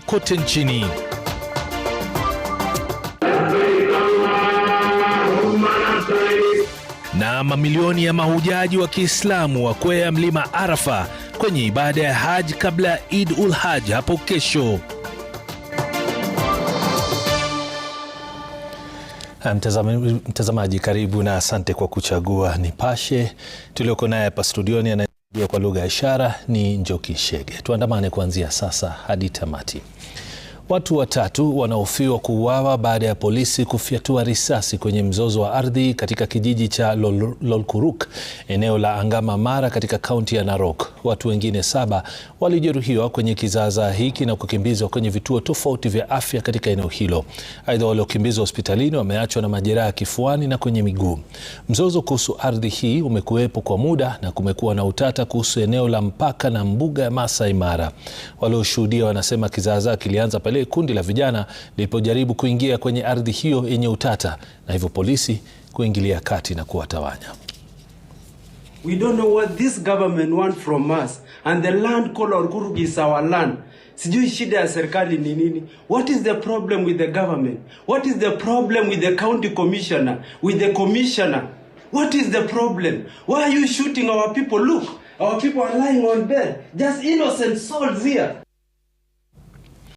kote nchini. Na mamilioni ya mahujaji wa Kiislamu wakwea mlima Arafa kwenye ibada ya Haj kabla ya id ul Haj hapo kesho. Mtazamaji, karibu na asante kwa kuchagua Nipashe. Tulioko naye hapa studioni hiyo kwa lugha ya ishara ni Njoki Shege. Tuandamane kuanzia sasa hadi tamati. Watu watatu wanahofiwa kuuawa baada ya polisi kufyatua risasi kwenye mzozo wa ardhi katika kijiji cha Lol Lolkuruk, eneo la Angama Mara katika kaunti ya Narok. Watu wengine saba walijeruhiwa kwenye kizaazaa hiki na kukimbizwa kwenye vituo tofauti vya afya katika eneo hilo. Aidha, waliokimbizwa hospitalini wameachwa na majeraha kifuani na kwenye miguu. Mzozo kuhusu ardhi hii umekuwepo kwa muda na kumekuwa na utata kuhusu eneo la mpaka na mbuga ya Masai Mara. Walioshuhudia wanasema kizaazaa kilianza pale pale kundi la vijana lilipojaribu kuingia kwenye ardhi hiyo yenye utata na hivyo polisi kuingilia kati na kuwatawanya. We don't know what this government want from us and the land called Orgurug is our land. Sijui shida ya serikali ni nini? What is the problem with the government? What is the problem with the county commissioner? With the commissioner? What is the problem? Why are you shooting our people? Look, our people are lying on bed. Just innocent souls here.